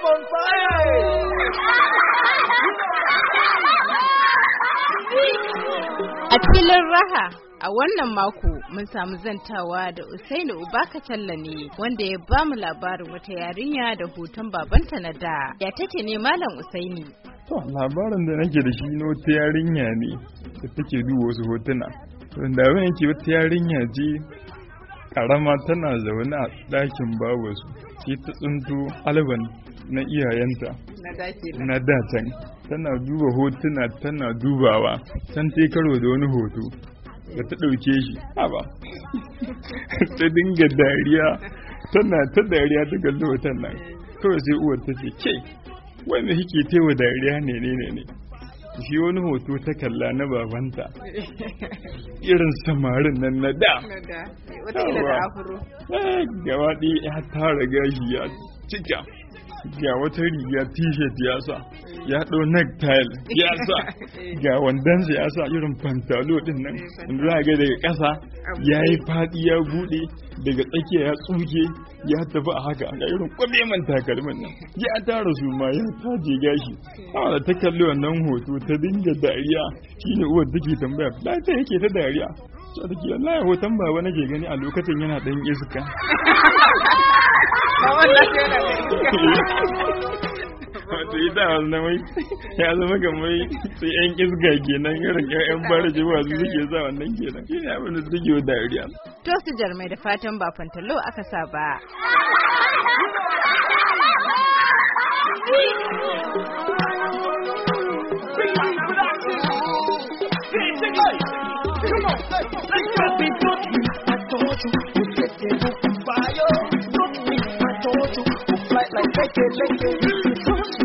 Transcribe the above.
A filin raha a wannan mako mun samu zantawa da Usaini Ubaka Talla ne wanda ya ba mu labarin wata yarinya da hoton babanta na da. Ya take ne Malam Usaini? To labarin da nake da shi na wata yarinya ne da take duba wasu hotuna. Wanda abin ke wata yarinya ce Ƙarama tana zaune a ɗakin babarsu sai ta tsinto alban na iyayenta na datan tana duba hotuna tana dubawa can ta karo da wani hoto da ta ɗauke shi haba ta dinga dariya tana ta dariya ta kalli hoton nan kawai sai uwar ta ce ke wanda kike tewa dariya ne ne ne shi wani hoto ta kalla na babanta irin samarin nan na da wata da afuru eh, gaba ɗaya ya tara gashi ya cika ga wata riga t-shirt ya sa ya ɗau necktie ya sa ga wandon ya sa irin pantalo ɗin nan eh, za ga daga ƙasa ya yi faɗi ya buɗe daga tsakiya ya tsuke ya tafi a haka ga irin man takalmin nan ya tara su ma ya taje gashi amma da ta kalli wannan hoto ta dinga dariya shine uwar take tambaya da ta yake ta dariya sai take wallahi hoton baba nake gani a lokacin yana ɗan iska wato ita a wannan wai ya zama kamar su yan kisga kenan irin yan fara jiwa su suke sa wannan kenan shi ne abin da suke wa dariya to su jarmai da fatan ba fantalo aka sa ba Come on, To Flight like Lenke, Lenke.